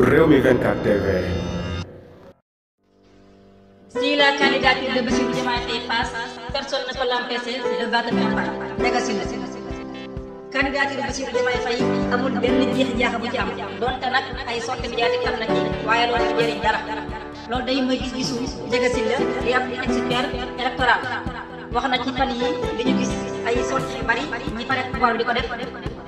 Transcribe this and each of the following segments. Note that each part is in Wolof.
Rewmi mi TV. Si la candidature de Bassirou Diomaye Faye passe, personne ne peut l'empêcher de battre campagne. Dégasi la candidature de Bassirou Diomaye amul benn jeex jaaxa bu ci am donte nag ay sorti médiatique am na ci waaye loolu du jëriñ dara loolu day mooy gis-gisu Dégasi la li wax na ci fan yi li gis ay sorti yu bari ñi pare pouvoir di ko def.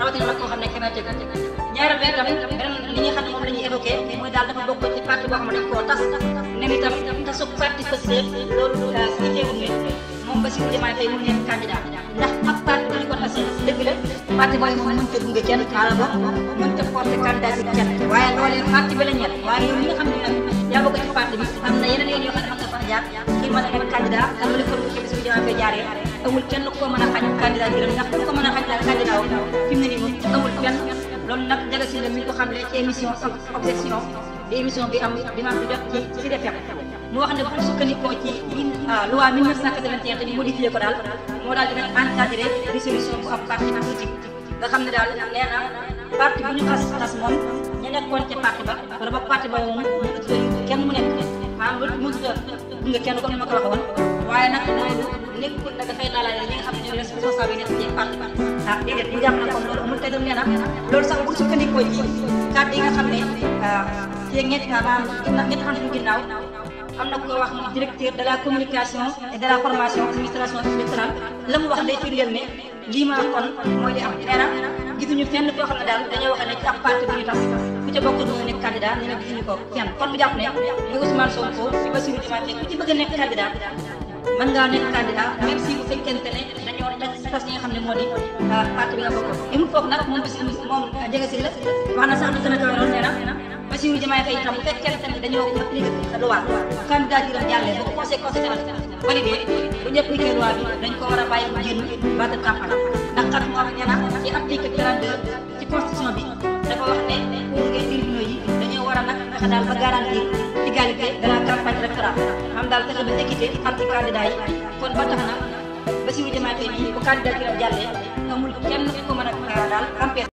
rawatina nag koo xam ne kenn ci ñaareel bi tam beneen li nga xam ne moom la ñuy évoqué mooy daal dafa bokk ci parti boo xam ne dañ koo tas ne ni tam tasu parti Pastef loolu si teewul ne moom Bassirou Diomaye Faye mu nekk candidat ndax ab parti dañ ko tasee dëgg la parti mooy moom mënta gunge kenn kaala ba mënta porté candidat ci kenn waaye loolee parti bi la ñeel waaye yow mi nga xam ne nag yaa bokk na yeneen na ko ci yan loolu nag Ndiaga Sylla mi ko xamle ci émission obsession di émission bi am dimanche bi jot ci ci defem mu wax ne bu sukkandikoo ci euh, loi 1981 ni modifié ko daal moo daal dina encadré dissolution bu moom ñu nekkoon ca parti ba wala ba parti ba moom kenn mu nekk maanaam loolu mënut a gunge kenn comme ma ko waxee woon waaye nag loolu nekkul na dafay laalaale li nga xam ne ñoo responsable yi nekk parti ah déedéet bu jàpp na kon loolu amul te dem nee na loolu sax bu sukkandikoo ci kàddu yi nga xam ne fii ah, ñett maanaam ñett xam suñu ginnaaw am na ku wax moom directeur de la communication et de la formation administration territoriale la mu wax day firndeel ne lii ma kon mooy li am nee na gisuñu fenn foo xam ne daal dañoo wax ne ci ab parti bu ñu tas ku ca bokk doo nekk candidat ñu ne gisuñu ko fenn kon mu jàpp ne muy Ousmane Sonko Bassirou Diomaye ku ci bëgg a nekk candidat mën ngaa nekk candidat même si bu fekkente ne dañoo tas ñi nga xam ne moo di euh, parti bi nga bokkoon. imul foofu nag moom Bassirou moom jege si la wax na sax lu gën a kawe loolu nee na Bassirou Diomaye Faye itam bu fekkente ne dañoo appliqué loi candidature am jàllee bu conseil constitutionnel validé bu ñu appliqué loi bi dañ ko war a bàyyi mu génn battre campagne ndax kat moom nee na ci article 32 ci constitution bi dafa wax ne pour nga tribunaux yi dañoo war a nag fexe daal ba garantir. égalité danaa campagne référendum xam daal fexe ba équité am ci candidat yi kon ba tax na Bassirou Diomaye Faye bu candidat bi jàllee amul kenn ku ko mën a daal empêché